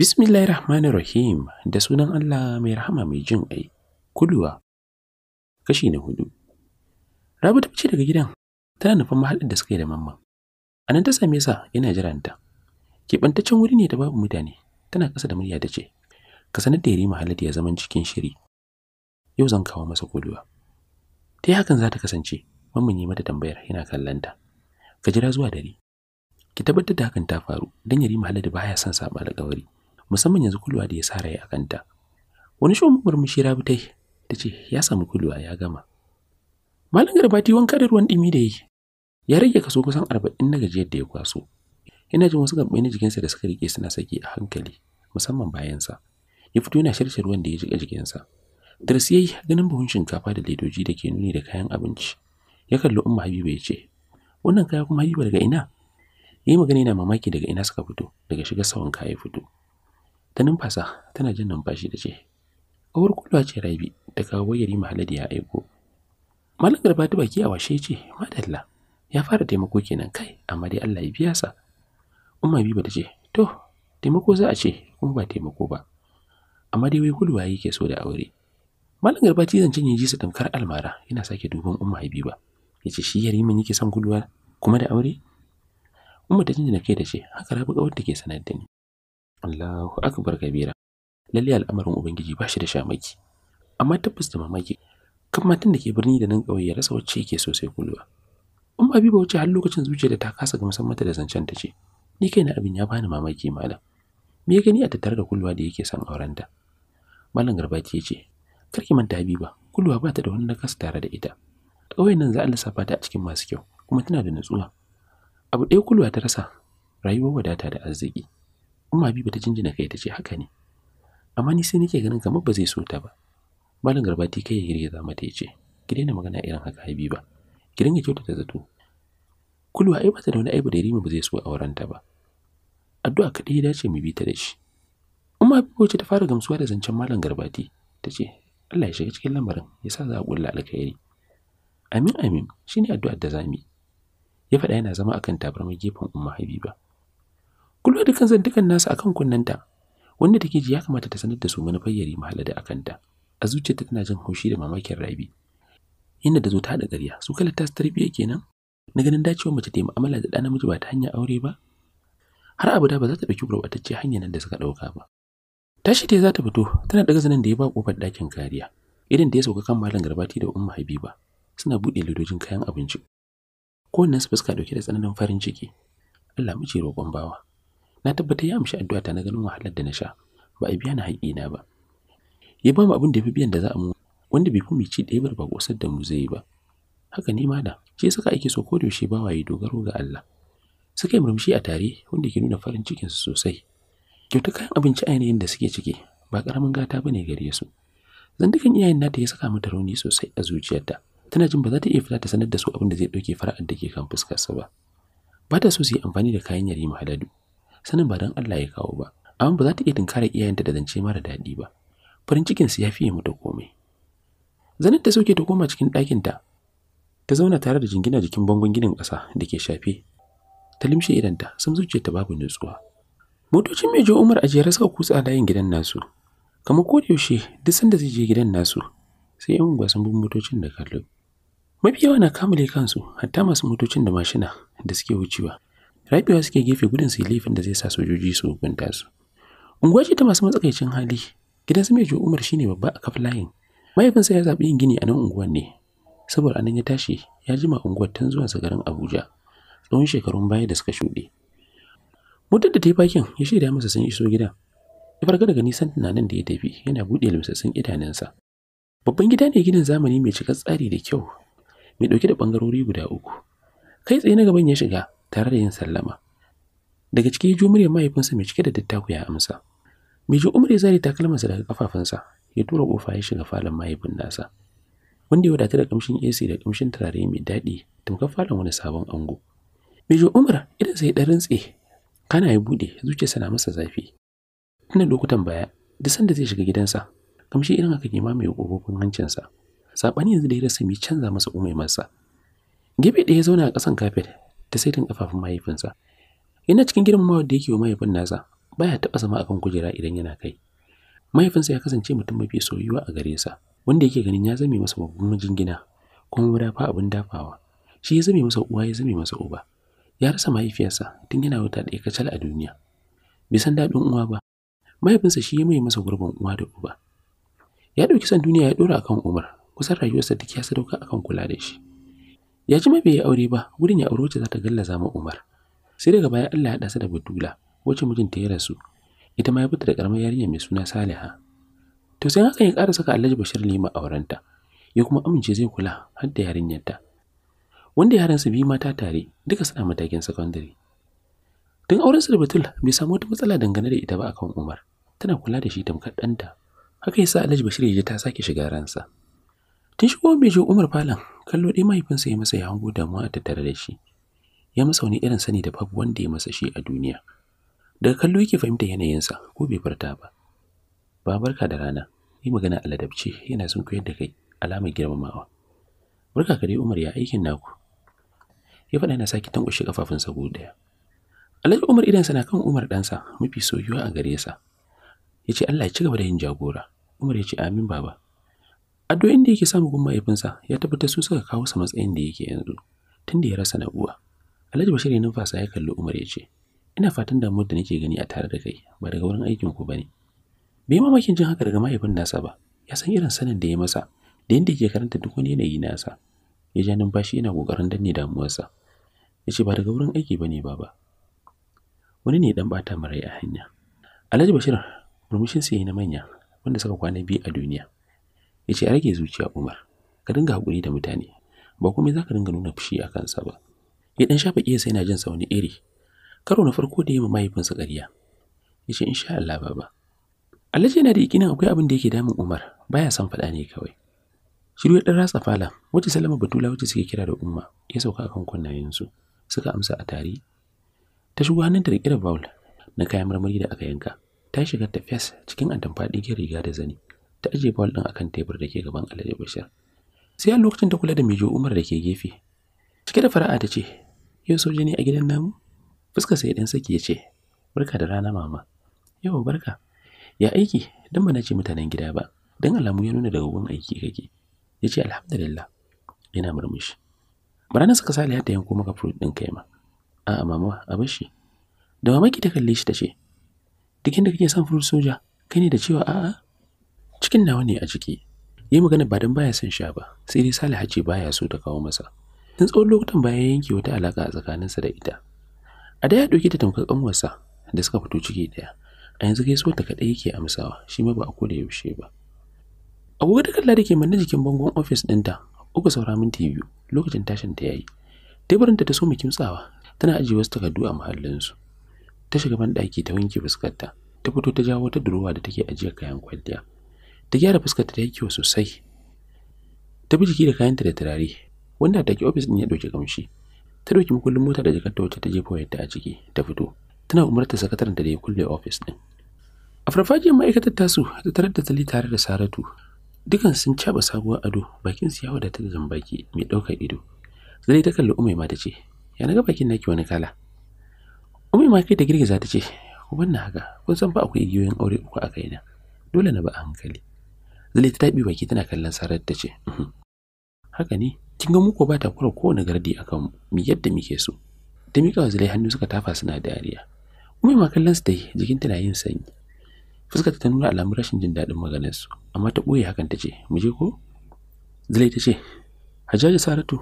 Bismillahir Rahmanir Rahim da sunan Allah mai rahama mai jin ƙai. Kuluwa kashi na hudu. Rabi ta fice daga gidan tana nufin mahaɗin da suka yi da mamman. A nan ta same sa yana jiranta. Keɓantaccen wuri ne da babu mutane tana ƙasa da murya ta ce, Ka sanar da Yarima Haladu ya zaman cikin shiri. Yau zan kawo masa kuluwa. ta hakan za ta kasance mamman yi mata tambayar yana kallanta ka jira zuwa dare ki tabbatar da hakan ta faru dan yari da baya son saɓa da ƙawari, musamman yanzu kulwa da ya sa rai a kanta wani shon murmushi rabi rabu ta ce ya samu kulwa ya gama malam garbati wanka da ruwan ɗimi da yi ya rage kaso kusan arba'in na gajiyar da ya kwaso ina jin wasu gaɓɓai na jikinsa da suka rike suna saki a hankali musamman bayansa ya fito yana shirce ruwan da ya jiƙa jikinsa Darasi yayi ganin buhun shinkafa da ledoji da ke nuni da kayan abinci. Ya kalli Umma Habiba ya ce, "Wannan kaya kuma Habiba daga ina?" Ya yi magana yana mamaki daga ina suka fito, daga shiga sawan kaya fito. Ta numfasa tana jin numfashi da ce, "Kawar kulwa ce Rabi da kawo wayar da ya aiko." Malam Garba ta baki a washe ce, "Madalla, ya fara taimako kenan kai, amma dai Allah ya biya sa." Umma Habiba ta ce, "To, taimako za a ce, kuma ba taimako ba." Amma dai wai kulwa yake so da aure. Malam Garba ci zancen ya ji su tamkar almara yana sake duban Umma Habiba. Ya ce shi yari min yake son guduwa kuma da aure? Umma ta jinjina kai da ce haka rabu kawar wanda ke sanar da ni. Allahu akbar kabira. Lalle al'amarin Ubangiji ba shi da shamaki. Amma tabbas da mamaki kan matan da ke birni da nan ƙauye ya rasa wacce yake so sai kulwa. Umma Habiba wacce har lokacin zuciya da ta kasa ga musamman ta da zancen ta ce ni kai na abin ya bani mamaki malam. me ya gani a tattare da kulwa da yake son aurenta malam garbaci ya ce kar ki manta Habiba kulwa ba ta da wani nakasa tare da ita a nan za a lissafa ta a cikin masu kyau kuma tana da nutsuwa abu ɗaya kulwa ta rasa rayuwar wadata da arziki amma Habiba ta jinjina kai ta ce haka ne amma ni sai nake ganin kamar ba zai so ta ba malam garbati kai girgiza mata ya ce ki daina magana irin haka Habiba ki dinga kyautata zato kulwa ai bata da wani aibu da Rima ba zai so aurenta ba addu'a kaɗai ya dace mu bi ta da shi Umma Habiba wacce ta fara gamsuwa da zancen Malam Garbati ta ce, Allah ya shiga cikin lamarin ya sa za a ƙulla alkhairi amin amin ne addu'ar da zami ya faɗa yana zama akan tabarmar gefen umma habiba kullu da kansa dukan nasu akan kunnanta wanda take ji ya kamata ta sanar da su manufar yari mahala da akanta a zuciyarta tana jin haushi da mamakin rabi inda da zo ta haɗa ƙarya su kala ta tarbiyya kenan na ganin dacewar mace ta yi mu'amala da ɗa namiji ba ta hanyar aure ba har abu da ba za ta ɗauki gurɓatacce hanyar nan da suka ɗauka ba tashi dai za ta fito tana daga zanen da ya ba kofar ɗakin kariya irin da ya sauka kan malam garbati da umma habiba suna buɗe ledojin kayan abinci Ko wannan su fuska dauke da tsananin farin ciki Allah mu ce roƙon bawa na tabbata ya amshi addu'a ta na ganin wahalar da na sha ba a biya ni na ba ya ba mu abin da fi biyan da za a mu wanda bai kuma ci ɗaya ba ƙosar da mu zai ba haka ne ma da shi saka ake so ko da yaushe bawa ya dogaro ga Allah suka yi murmushi a tare wanda ke nuna farin cikinsu sosai kyautar kayan abinci a yanayin da suke ciki ba ƙaramin gata ba ne gare su zandukan iyayen nata ya saka mata rauni sosai a zuciyarta tana jin ba za ta iya fita ta sanar da su abin da zai ɗauke fara'ar da ke kan fuskarsa ba ba ta so su yi amfani da kayan yarima haladu sanin ba don Allah ya kawo ba amma ba za ta iya tunkarar iyayenta da zance mara daɗi ba farin cikin su ya fiye mata komai zanin ta sauke ta koma cikin ɗakinta ta zauna tare da jingina jikin bangon ginin ƙasa da ke shafe ta limshe idanta sun zuciyarta babu nutsuwa motocin mejo umar ajiyar suka kutsa layin gidan nasu kamar ko da yaushe duk sanda zai je gidan nasu sai yan unguwa sun bi motocin da kallo mafi yawa na kamale kansu hatta masu motocin da mashina da suke wucewa rabewa suke gefe gudun su laifin da zai sa sojoji su hukunta su unguwa ce ta masu matsakaicin hali gidan su mejo umar shine babba a kafin layin mahaifinsa ya zaɓi yin gini a nan unguwan ne saboda anan ya tashi ya jima unguwar tun zuwansa garin abuja tsawon shekarun baya da suka shuɗe mutum da ta yi bakin ya shaida masa sun iso gidan ya farga daga nisan tunanin da ya tafi yana buɗe limsassun idanunsa babban gida ne gidan zamani mai cika tsari da kyau mai ɗauke da ɓangarori guda uku kai tsaye na gaban ya shiga tare da yin sallama daga ciki ya muryar mahaifinsa mai cike da dattaku ya amsa mai ji umar ya zare takalmansa daga kafafunsa ya tura kofa ya shiga falon mahaifin nasa wanda ya wadata da kamshin AC da kamshin turare mai daɗi tamkar falon wani sabon ango mai ji umar idan sai ɗan rintse kana ya buɗe zuciyarsa na masa zafi ina lokutan baya duk sanda zai shiga gidansa kamshi irin haka ke mamaye kokokin hancinsa saɓani yanzu da ya rasa mai canza masa umai masa gefe ɗaya ya zauna a ƙasan kafet ta saitin ƙafafun mahaifinsa yana cikin mawar da yake wa mahaifin nasa baya taɓa zama akan kujera idan yana kai mahaifinsa ya kasance mutum mafi soyuwa a gare sa wanda yake ganin ya zame masa babban majingina kuma fa abin dafawa shi ya zame masa uwa ya zame masa uba ya rasa mahaifiyarsa tun yana wata ɗaya kacal a duniya bai san daɗin uwa ba mahaifinsa shi ya mai masa gurbin uwa da uba ya ɗauki san duniya ya ɗora akan umar kusan rayuwarsa duk ya sadauka akan kula da shi ya ji bai yi aure ba wurin ya aure wacce za ta gallaza ma umar sai daga baya Allah ya ɗasa da budula wacce mijinta ya rasu ita ma ya fita da karamar yarinya mai suna Saliha. To sai hakan ya ƙara saka Alhaji Bashir Lima aurenta, ya kuma amince zai kula har da yarinyarta. wanda yaransu biyu mata tare duka suna matakin sakandare. Tun auren su da Batul bai samu wata matsala dangane da ita ba akan Umar, tana kula da shi tamkar ɗanta. Haka yasa Alhaji Bashir ya ji ta sake shiga ransa. Tun shigo bai je Umar Falon, kallo ɗaya mahaifinsa ya masa ya hango damuwa a tattare da shi. Ya masa wani irin sani da babu wanda ya masa shi a duniya. Daga kallo yake fahimta yanayinsa ko bai furta ba. Ba barka da rana, yi magana a ladabci yana sun koyar da kai alamar girmamawa. Barka ka dai Umar ya aikin naku, ya faɗa yana sake tankwashe kafafunsa guda ɗaya. Alhaji Umar idan na kan Umar ɗansa mafi soyuwa a gare sa. Ya ce Allah ya ci gaba da yin jagora. Umar ya ce amin baba. Addu'o'in da yake samu gun mahaifinsa ya tabbata su suka kawo sa matsayin da yake yanzu tun da ya rasa na'uwa. Alhaji Bashir ya numfasa ya kalli Umar ya ce ina fatan damuwar da nake gani a tare da kai ba daga wurin aikin ku bane. Bai mamakin jin haka daga mahaifin nasa ba. Ya san irin sanin da ya masa da yadda yake karanta duk wani yanayi nasa. ya ja numfashi yana kokarin danne damuwarsa ya ce ba daga wurin aiki ba ne baba wani ne dan bata marai a hanya alhaji bashir murmushin sai na manya wanda suka kwana biyu a duniya ya ce a rage zuciya umar ka dinga haƙuri da mutane ba komai za ka dinga nuna fushi a kansa ba ya dan shafa ƙiyarsa yana jin sa wani iri karo na farko da ya ma mahaifinsa ƙarya ya ce insha Allah baba alhaji yana da yakinin akwai abin da yake damun umar baya son faɗa ne kawai Shiru ya ɗan ratsa fala, wacce Salama Batula wacce suke kira da Umma ya sauka akan su suka amsa a tare. Ta shigo hannun da rikira baul na kayan marmari da aka yanka. Ta shiga ta fes cikin atamfa ɗikin riga da zani. Ta ajiye baul ɗin akan tebur da ke gaban Alhaji Bashir. Sai a lokacin ta kula da Mijo Umar da ke gefe. Cike da fara'a ta ce, Yau soja ne a gidan nan? Fuska sai dan saki ya ce, Barka da rana mama. Yau barka. Ya aiki, dan ba na ce mutanen gida ba, dan alamu ya nuna daga gun aiki kake. ya ce alhamdulillah yana murmushi barana suka sa ta yanko maka fruit ɗin kai ma a mama a bar shi da mamaki ta kalle shi ta ce dikin da kake son fruit soja kai ne da cewa a'a cikin nawa ne a ciki yi magana ba dan baya son sha ba sai dai sale hajji baya so ta kawo masa tun tsawon lokutan baya yanke wata alaka a tsakaninsa da ita a da ya ɗauki ta tamkar kanwarsa da suka fito ciki daya a yanzu gaisuwar ta kaɗai yake amsawa shi ma ba a koda yaushe ba agogo da kalla da ke manne jikin bangon ofis ɗinta uku saura minti biyu lokacin tashin ta yayi teburinta ta so mu kimtsawa tana ajiye wasu takardu a su. ta shiga ban daki ta wanke fuskarta ta fito ta jawo wata durowa da take ajiye kayan kwalliya ta gyara fuskarta ta yake sosai ta bi jiki da kayanta da turare wanda take ofis ɗin ya ɗauki gamshi ta ɗauki makullin mota da jakarta wacce ta jefa wayarta a ciki ta fito tana umarta sakataren da ya kulle ofis ɗin a farfajiyar ma'aikatar tasu ta tarar da tali tare da saratu dukan sun caba sabuwar ado bakin su ya wadata da baki mai ɗaukar ido zai ta kalli Umai ma ta ce ya naga bakin naki wani kala umaima kai ta girgiza ta ce wannan haka kun san ba akwai igiyoyin aure uku a kaina dole na ba a hankali zai ta taɓi baki tana kallon sarar ta ce uhm, haka ne kin ga muku ba ta kura kowane gardi akan mu yadda muke so ta miƙa wa zilai hannu suka tafa suna dariya Umai ma kallon su ta yi jikinta na yin sanyi fuskata ta nuna alamun rashin jin daɗin maganarsu amma ta ɓoye hakan ta ce mu je ko zulai ta ce hajjaji saratu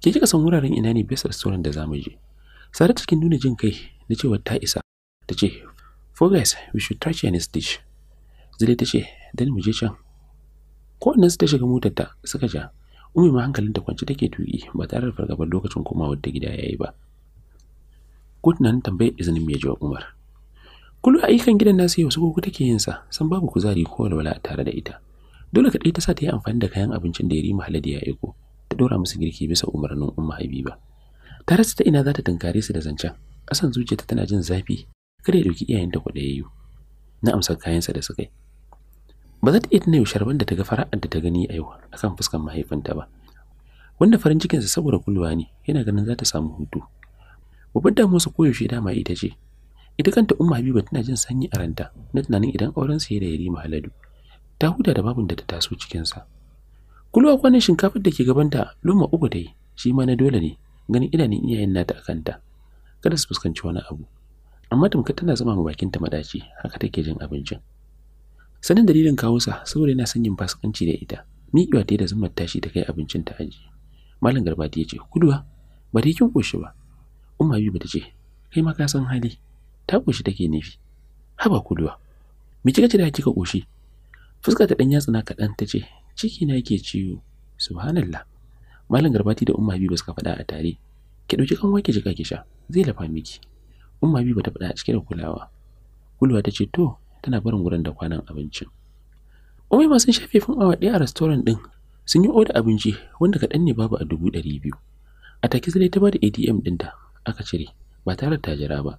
ke kika san wuraren ina ne bisa restaurant da zamu je saratu cikin nuna jin kai na cewa ta isa ta ce for guys we should touch any dish zulai ta ce dan mu je can kowannen su ta shiga motar ta suka ja umi ma hankalin ta kwance take tuki ba tare da fargabar lokacin komawa da gida yayi ba Kotun nan tambayar izinin mai jawab Umar. Kullu ayyukan gidan nasu yau sukuku take yin sa, san babu kuzari ko walwala tare da ita. Dole kaɗai ta sa ta yi amfani da kayan abincin da Yarima da ya aiko, ta ɗora musu girki bisa umarnin Umma Habiba. Tare su ta ina za ta tunkare su da zancen, kasan zuciyarta tana jin zafi, kada ya ɗauki iyayenta kwaɗayayyu. Na amsar kayansa da su kai. Ba za ta iya tuna yaushe da ta ga fara'ar da ta gani a yau akan fuskan mahaifinta ba. Wanda farin cikinsa saboda kulluwa ne, yana ganin za ta samu hutu. Babbar damuwarsa koyaushe dama ita ce, ita kanta umma habiba tana jin sanyi a ranta na tunanin idan auren sa da yarima haladu ta huta da babun da ta taso cikin sa kuluwa kwanan shinkafar da ke gaban ta, luma uku ta yi shi ma na dole ne ganin idanun iyayen nata a kanta kada su fuskanci wani abu amma tamkar tana zama ma bakinta madaci haka take jin abincin sanin dalilin kawo sa saboda yana son yin fasikanci da ita miƙewa ta da zumar tashi ta kai abincin ta aji malam garbati ya ce kuduwa ba ta kin koshi ba umma bata ta ce kai ma ka san hali ta ƙoshi take nufi haba kuluwa me kika ce da kika ƙoshi fuska ta ɗan yatsuna kaɗan ta ce ciki na yake ciwo subhanallah malam garbati da umma habiba suka faɗa a tare ki ɗauki kan ki jika ki sha zai lafa miki umma habiba ta faɗa a cike da kulawa kulwa ta ce to tana barin wurin da kwanan abincin umaima sun shafe fin awa ɗaya a restaurant ɗin sun yi oda abinci wanda kaɗan ne babu a dubu ɗari biyu a take sai ta ba da adm ta, aka cire ba tare da tajira ba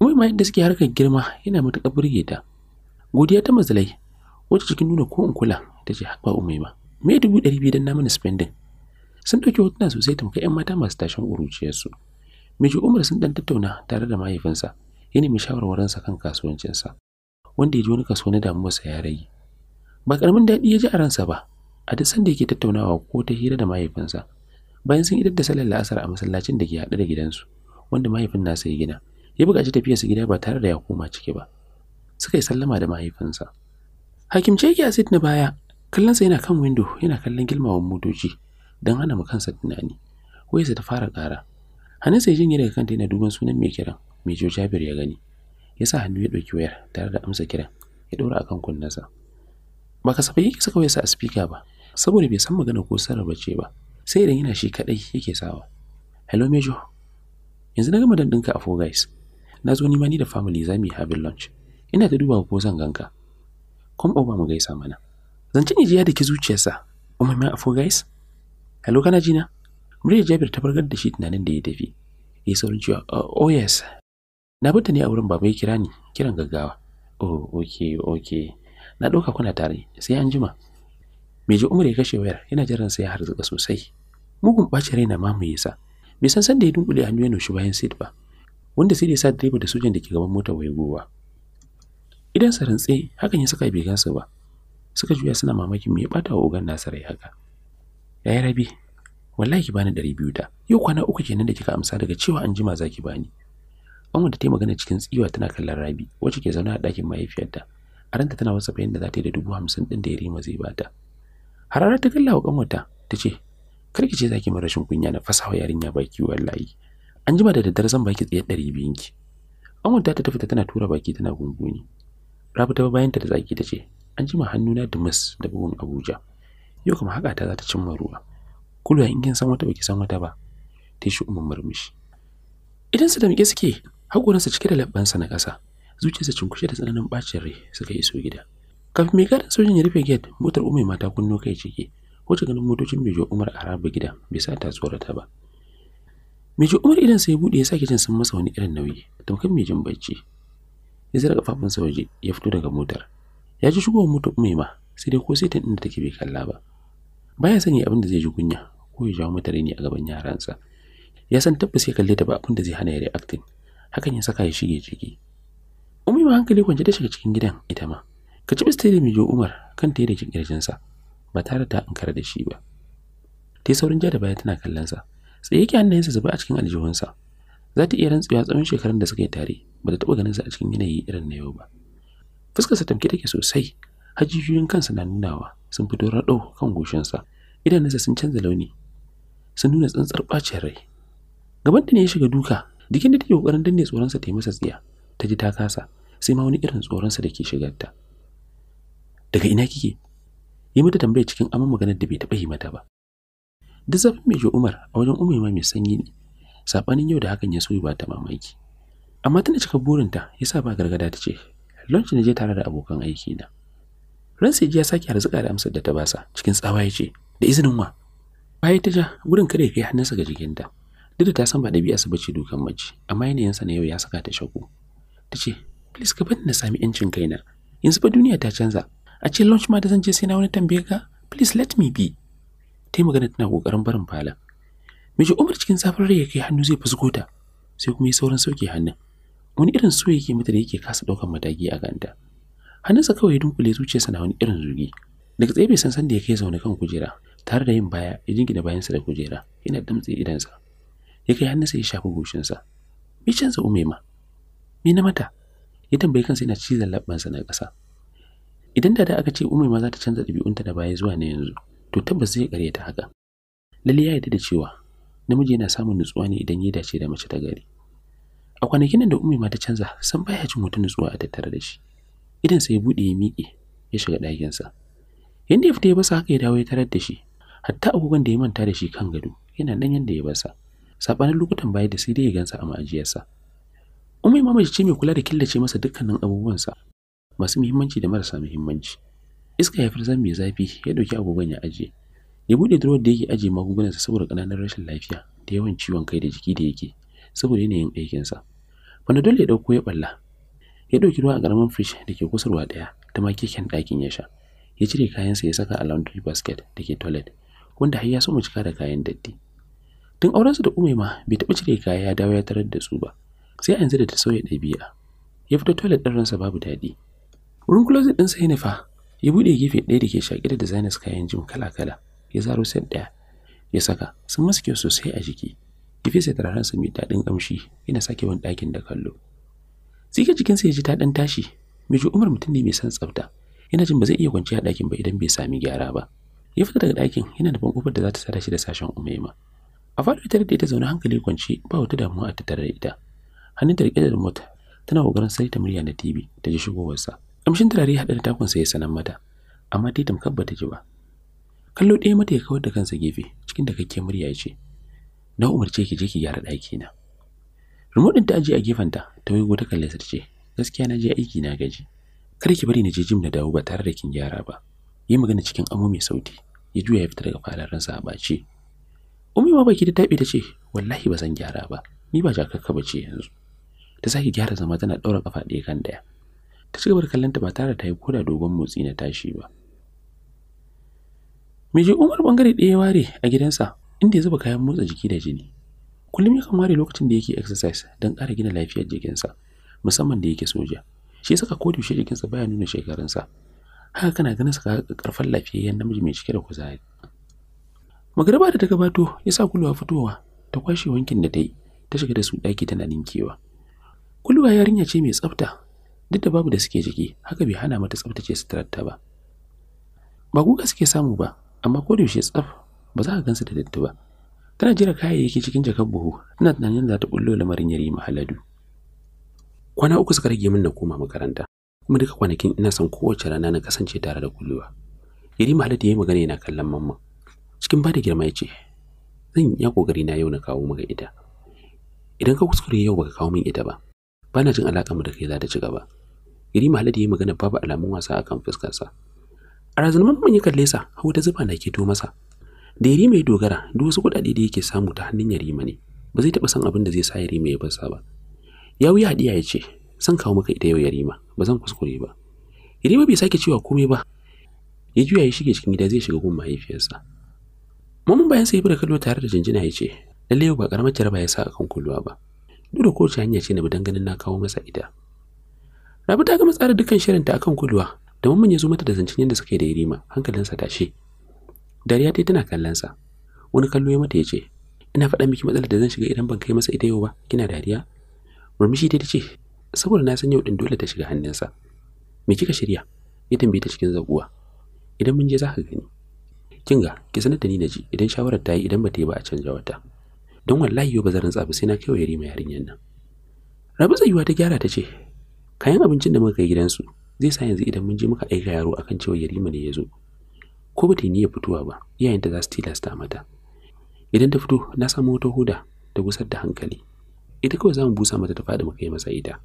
umar ma yadda suke harkar girma yana matuƙar burge ta godiya ta mazalai wacce cikin nuna ko in kula ta ce ba umai ma. me dubu ɗari biyu don na spending sun ɗauki hotuna sosai tamkar 'yan mata masu tashin ƙuruciyarsu Miji Umar sun ɗan tattauna tare da mahaifinsa, ya nemi shawarwarinsa kan kasuwancinsa, wanda ya ji wani kaso na damuwarsa ya rage. Ba karamin daɗi ya ji a ransa ba, a duk sanda yake tattaunawa ko ta hira da mahaifinsa. Bayan sun idar da salar la'asar a masallacin da ke haɗe da gidansu, wanda mahaifin nasa ya gina, ya buƙaci tafiyarsa gida ba tare da ya koma ciki ba suka yi sallama da mahaifinsa hakim ce yake asid na baya kallonsa yana kan windo yana kallon gilmawan motoci don hana mu kansa tunani wayarsa ta fara ƙara hannunsa ya janye daga kanta yana duban sunan mai kiran mai jo jabir ya gani ya sa hannu ya ɗauki wayar tare da amsa kiran ya ɗora akan kunnensa ba kasafai yake saka wayarsa a spika ba saboda bai san magana ko sarrafa ce ba sai idan yana shi kaɗai yake sawa hello mejo yanzu na gama dandinka a four na zo nima ni da family za mu yi having lunch ina ta duba ko zan ganka kom over mu gaisa mana zancen ya ji ya daki zuciyarsa oh my afo guys hello kana jina murya jabir ta bargar da shi tunanin da ya tafi ya saurin cewa oh, oh yes na bata ne a wurin baba ya kira ni kiran gaggawa oh okay okay na ɗauka kuna tare sai an jima mai ji umar ya kashe wayar yana jiran sai ya harzuka sosai mugun ɓacin rai na mamaye sa bai san san da ya dunkule hannu ya noshi bayan sit ba wanda sai da sa direba da sojan da ke gaban motar gowa. idan sa rantse hakan ya saka bai gansu ba suka juya suna mamakin me ya bata wa ogan nasa rai haka yayi rabi wallahi ki bani ɗari biyu da yau kwana uku kenan da kika amsa daga cewa an jima za bani amma da ta magana cikin tsiwa tana kallon Rabi wacce ke zauna a dakin mahaifiyarta a ranta tana wasa bayan da za ta yi da dubu hamsin ɗin da ya rima zai bata hararar ta kallawa kanwata ta ce kar ki ce zaki ki mara rashin kunya na fasawa yarinya baki wallahi an jima da daddare zan baki tsaye ɗari biyun ki amurta ta tafi tana tura baki tana gunguni rabu ta bayan ta da zaki ta ce an jima hannuna da mas da bugun abuja yau kuma haka ta za ta cimma ruwa kulwa in kin san wata baki san wata ba ta shi umar murmushi idan su da muke suke haƙorinsa cike da labbansa na kasa, zuciyarsa cinkushe da tsananin bacin rai suka iso gida kafin mai gadin sojin ya rufe gate motar umai mata kunno kai ciki wacce ganin motocin bijo umar a rabu gida bai sa ta tsorata ba ji Umar idan sai bude ya sake jin sun masa wani irin nauyi, kan mai jin bacci. Ya zira sa waje ya fito daga motar. Ya ji shigowar motar ma sai dai ko sai ta inda take bai kalla ba. Baya sani abin da zai ji kunya ko ya jawo mata rini a gaban yaransa. Ya san tabbas ya kalle ta ba abin da zai hana ya reacting. Hakan ya saka ya shige ciki. Umaima hankali kwance ta shiga cikin gidan ita ma. Ka ci bista da Mijo Umar kan ta yi da kirjinsa ba tare da ankara da shi ba. Ta saurin ja da baya tana kallon sa. tsaye yake hannayensa zuba a cikin aljihunsa za ta iya rantsuwa tsawon shekarun da suka yi tare ba ta taɓa sa a cikin yanayi irin na yau ba fuskarsa tamke take sosai hajiyoyin kansa na nunawa sun fito raɗo kan goshinsa idanunsa sun canza launi sun nuna tsantsar ɓacin rai gaban ta ne ya shiga duka jikin da take kokarin danne tsoronsa ta yi masa tsiya ta ji ta kasa sai ma wani irin tsoronsa da ke ta daga ina kike yi mata tambaya cikin aman maganar da bai taɓa yi mata ba duk zafin mai umar a wajen ma mai sanyi ne Sabanin yau da hakan ya soyi ba ta mamaki amma tana cika burinta ya sa ba gargada ta ce lunch na je tare da abokan aiki na ransa ya sake harzuka da amsar da ta basa cikin tsawa ya ce da izinin wa bayan ta ja gudun kada ya kai hannunsa ga jikinta duk da ta san ba ɗabi'arsa bace dukan mace amma yanayinsa na yau ya saka ta shaku ta ce please ka bani na sami yancin kaina yanzu fa duniya ta canza a ce lunch ma da zan je sai na wani tambaye ka please let me be ta yi magana tana ƙoƙarin barin falon miji umar cikin safar rai ya kai hannu zai fusko ta sai kuma ya saurin sauke hannun wani irin so yake mata da yake kasa ɗaukar mataki a ganta. hannunsa kawai ya dunkule zuciyarsa na wani irin zugi daga tsaye bai san san da ya kai zaune kan kujera tare da yin baya ya jingina bayansa da kujera yana damtse idansa ya kai hannunsa ya shafi goshinsa me canza ma me na mata ya tambayi kansa yana cizon labbansa na ƙasa idan da da aka ce ma za ta canza ɗabi'unta da baya zuwa na yanzu to tabbas zai kare ta haka lalle ya yarda da cewa namiji yana samun nutsuwa ne idan ya dace da mace ta gari a kwanakin da ummi ma ta canza san baya jin mutun nutsuwa a tattare da shi idan sai ya bude ya miƙe ya shiga ɗakinsa yanda ya fita ya basa haka ya dawo ya tarar da shi hatta agogon da ya manta da shi kan gado yana nan yanda ya basa sabanin lokutan baya da sai dai ya gansa a ma'ajiyarsa Ummi mamaji ce mai kula da killace masa dukkanin abubuwansa masu muhimmanci da marasa muhimmanci. iska ya firzan mai zafi ya dauki agogon ya ajiye ya buɗe durowar da yake magungunan sa saboda kananan rashin lafiya da yawan ciwon kai da jiki da yake saboda yanayin aikinsa panadol ya dauko ya balla ya dauki ruwa a ƙaramin fish da ke kusurwa daya da ma keken ɗakin ya sha ya cire kayansa ya saka a laundry basket da ke toilet wanda har ya so mu cika da kayan datti tun aurensa da ma bai taɓa cire kaya ya dawo ya tarar da su ba sai yanzu da ta sauya dabi'a ya fita toilet ɗin ransa babu daɗi wurin closet ɗinsa ya nufa ya bude gefe ɗaya da ke shaƙi da designers kayan jim kala-kala ya zaro set ɗaya ya saka sun masa kyau sosai a jiki ya fesa su mai daɗin ƙamshi yana sake wani ɗakin da kallo cikin jikinsa ya ji daɗin tashi Mejo Umar mutum ne mai san tsafta yana jin ba zai iya kwanciya a ɗakin ba idan bai sami gyara ba ya fita daga ɗakin yana da kofar da za ta sada shi da sashen umaima a faɗo ita da ita zaune hankali kwance ba wata damuwa a tattare da ita hannun ta riƙe da remote tana ƙoƙarin ta murya na TV ta ji shigowarsa Kamshin turare haɗa da takunsa ya sanan mata, amma ta tamkar bata ji ba. Kallo ɗaya mata ya kawar da kansa gefe cikin da kakke murya ya ce, Na umarce ki je ki gyara ɗaki na. Remote ɗin ta ajiye a gefenta ta waigo ta kalle ce, Gaskiya na je aiki na gaji. Kar ki bari na je jim na dawo ba tare da kin gyara ba. Yi magana cikin amo mai sauti, ya juya ya fita daga falaransa a ɓace. Umi ma baki ta taɓe ta ce, Wallahi ba zan gyara ba, ni ba jakakka ba ce yanzu. Ta sake gyara zama tana ɗaura ƙafa ɗaya kan ɗaya. ta ci gaba da kallonta ba tare da ta yi koda dogon motsi na tashi ba miji umar bangare ɗaya ware a gidansa inda ya zuba kayan motsa jiki da jini kullum yakan ware lokacin da yake exercise don ƙara gina lafiyar jikinsa musamman da yake soja shi saka ko shi jikinsa baya nuna shekarunsa haka kana ganin sa karfan lafiyayyen namiji mai cike da kuzari magarba da ta gabato ya sa kulwa fitowa ta kwashe wankin da ta yi ta shiga da su ɗaki tana ninkewa kulwa yarinya ce mai tsafta duk da babu da suke jiki haka bai hana mata tsaftace suturarta ba ba guga suke samu ba amma ko da tsaf ba za ka gansu da datti ba tana jira kayayyaki cikin jakar buhu ina tunanin za ta bullo lamarin yari mahaladu kwana uku suka rage min na koma makaranta kuma duka kwanakin ina son kowace rana na kasance tare da kullewa yari mahaladu ya yi magana yana kallon mamma cikin ba da girma ya ce zan yi kokari na yau na kawo maka ita idan ka kuskure yau baka kawo min ita ba bana jin alaƙa mu da kai za ta ci gaba Yarima da ya magana babu alamun wasa akan fuskarsa. A razanman mun yi kalle sa, hau ta zuba na keto masa. Da Yarima ya dogara, duk wasu kuɗaɗe da yake samu ta hannun Yarima ne. Ba zai taɓa san abin da zai sa Yarima ya basa ba. Ya wuya hadiya ya ce, "San kawo maka ita yau Yarima, ba zan kuskure ba." Yarima bai sake cewa komai ba. Ya juya ya shige cikin gida zai shiga gun mahaifiyarsa. Mamun bayan sai da kallo tare da jinjina ya ce, "Lalle yau ba karamar jaraba ya sa akan kulluwa ba." Duk da kowace hanya ce na bi ganin na kawo masa ita. Rabi ta gama tsara dukkan shirinta akan Kuluwa. da mamman ya zo mata da zancen yadda suka yi da Irima, hankalinsa tashi. Dariya ta tana kallon sa. Wani kallo ya mata ya ce, "Ina faɗa miki matsalar da zan shiga idan ban kai masa ita yau ba, kina dariya?" Murmushi ta ce, "Saboda na san yau din dole ta shiga hannunsa." "Me kika shirya?" Ya tambaye ta cikin zaguwa "Idan mun je za ka gani." Kinga, ki sanar da ni na ji idan shawarar ta yi idan ba ta yi ba a canja wata. don wallahi yau ba zan sai na kai wa yarima yarinyar nan. Rabi tsayuwa ta gyara ta ce, kayan abincin da muka kai gidansu zai sa yanzu idan mun je muka aika yaro kan cewa yarima ne ya zo ko ba ta niyyar fitowa ba iyayenta za su tilasta mata idan ta fito na samu wata huda ta gusar da hankali ita kawai za mu busa mata ta faɗi muka yi masa ita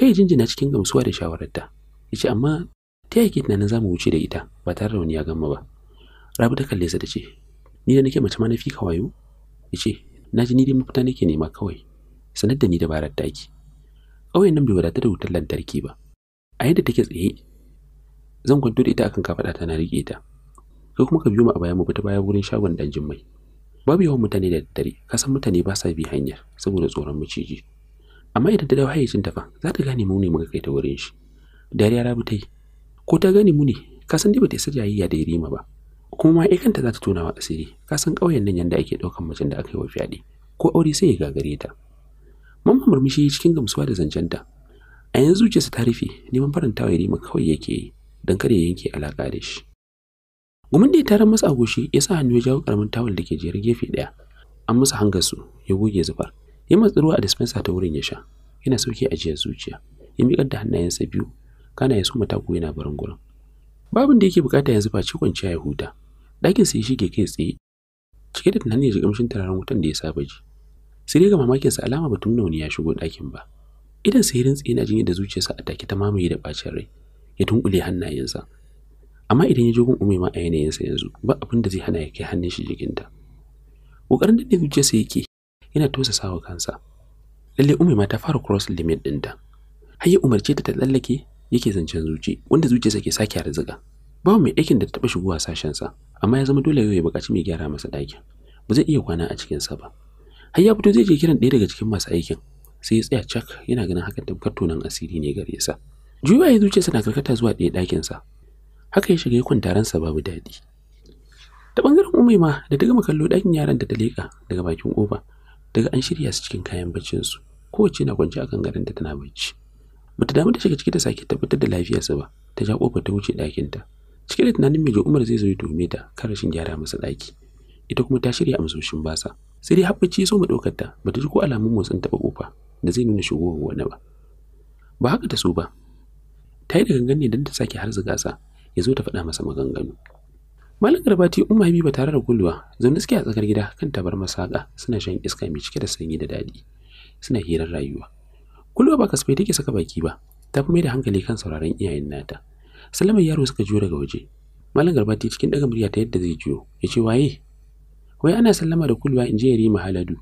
kai jinjina cikin gamsuwa da shawararta ya ce amma ta yake tunanin za mu wuce da ita ba tare da wani ya gama ba rabu ta kalle sa ta ce ni da nake mace ma na fi ka wayo ya ce na ji ni dai mafita nake nema kawai sanar da ni dabarar taki ƙauyen nan bai wadata da wutar lantarki ba a yadda take tsaye zan kwanto da ita akan kafaɗa ta na riƙe ta kai kuma ka biyo mu a baya mu fita baya wurin shagon dan jimmai babu yawan mutane da daddare ka san mutane ba sa bi hanyar saboda tsoron maciji amma idan ta dawo hayyacin ta fa za ta gane mu ne muka kai ta wurin shi dariya rabu ta yi ko ta gane mu ne ka san dai ba ta isa jayayya da rima ba kuma ma kanta za ta tonawa asiri ka san ƙauyen nan yanda ake ɗaukan macen da aka yi wa fyaɗe ko aure sai ya gagare ta Mamman murmushi cikin gamsuwa da ta. A yanzu zuciyarsa ta rufe neman farantawa ya rima kawai yake yi don kada ya yanke alaƙa da shi. Gumin da ya tarar masa agoshi ya sa hannu ya jawo karamin tawul da ke jerin gefe ɗaya. An masa hangarsu ya goge zubar. Ya matsi ruwa a dispensa ta wurin ya sha. Yana sauke ajiyar zuciya. Ya miƙar da hannayensa biyu. Kana ya soma taku yana barin gurin. Babin da yake bukata yanzu ba ci kwanciya ya huta. Ɗakin sai shige kai tsaye. Cike da tunanin ya ji kamshin wutan da ya saba ji. sai dai ga mamakinsa alama batun wani ya shigo ɗakin ba idan sai rintsi yana jin yadda zuciyarsa a take ta mamaye da bacin rai ya tunkule hannayensa amma idan ya je gun ma a yanayinsa yanzu ba abin da zai hana ya kai hannun shi jikinta kokarin da zuciyarsa yake yana tosa sawa kansa lalle umai ma ta fara cross limit ɗinta har ya umarce ta ta tsallake yake zancen zuci wanda zuciyarsa ke sake arzika babu mai aikin da ta taɓa shigowa sashensa amma ya zama dole yau ya buƙaci mai gyara masa ɗakin ba zai iya kwana a cikinsa ba har ya fito zai je kiran ɗaya daga cikin masu aikin sai ya tsaya cak yana ganin hakan tamkar tonan asiri ne gare sa juya ya zuce na karkata zuwa ɗaya sa haka ya shiga ya kwanta sa babu daɗi ta ɓangaren umai ma da ta gama kallo ɗakin yaran da ta leƙa daga bakin ƙofa daga an shirya su cikin kayan baccin su kowace na kwance akan gadon da tana bacci bata damu da shiga ciki ta sake tabbatar da lafiyarsa ba ta ja ƙofar ta wuce ta cike da tunanin mai umar zai zo ya dome ta kan rashin gyara masa ɗaki ita kuma ta shirya amsoshin basa sai dai habbaci ya so mu daukar ta ba ta ji ko alamun motsin taɓa kofa da zai nuna shigowar wani ba ba haka ta so ba ta yi da gangan ne don ta sake har gasa ya zo ta faɗa masa maganganu malam garbati umma habiba tare da gulwa zaune suke a tsakar gida kan tabar masaka suna shan iska mai cike da sanyi da daɗi suna hirar rayuwa gulwa ba kasfai take saka baki ba ta fi mai da hankali kan sauraron iyayen nata salamar yaro suka juyo daga waje malam garbati cikin daga murya ta yadda zai juyo ya ce waye wai ana sallama da kulwa in je ya rima haladu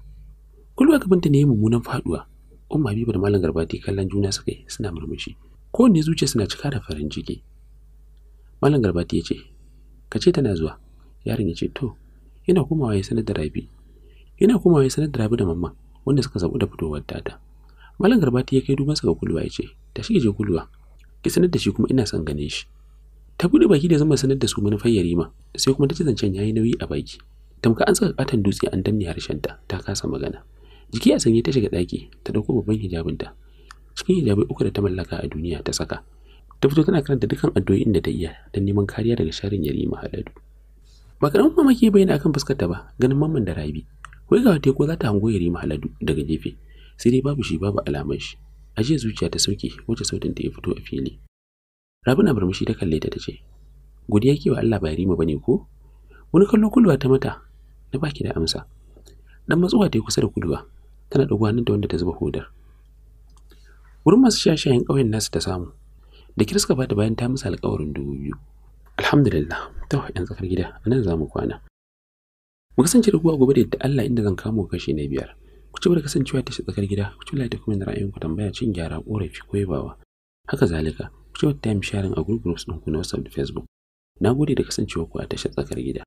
kulwa gabanta ne mummunan faduwa umma habiba da malam garbati kallon juna suka suna murmushi Ko ne zuciya suna cika da farin ciki malam garbati ya ce ka ce tana zuwa yaron ya ce to yana komawa ya sanar da rabi yana komawa ya sanar da rabi da mamma wanda suka zabu da fitowar tata malam garbati ya kai duban sa ga kulwa ya ce tashi je kulwa ki sanar da shi kuma ina son gane shi ta bude baki da zama sanar da su manufar yarima sai kuma ta zancen zancen yayi nauyi a baki tamka an saka katon dutse an danne harshenta ta kasa magana jiki a sanye ta shiga daki ta dauko babban ta cikin hijabai uku da ta mallaka a duniya ta saka ta fito tana karanta dukkan addu'o'in da ta iya don neman kariya daga sharrin yarima haladu ba karamin mamaki bayyana akan fuskar ta ba ganin mamman da rabi wai ga wata ko za ta hango yarima haladu daga gefe sai dai babu shi babu alamar shi ajiya zuciya ta sauke wacce sautin ta ya fito a fili rabi na murmushi ta kalle ta tace godiya kewa Allah ba yarima bane ko wani kallo kulwa ta mata na baki da amsa dan matsuwa ta yi kusa da kuduwa tana da hannun da wanda ta zuba hodar wurin masu shashayen ƙauyen nasu ta samu da kirska ka bata bayan ta musu alƙawarin dubu biyu alhamdulillah ta yan tsakar gida a nan za mu kwana mu kasance da kuwa gobe da yadda Allah inda zan kamo kashi na biyar ku ci da kasancewa ta shi tsakar gida ku ci da kuma ra'ayin ku tambaya cin gyara ƙorafi ko yabawa haka zalika ku ci da time sharing a group groups ɗinku na WhatsApp da Facebook na gode da kasancewa ku a tashar tsakar gida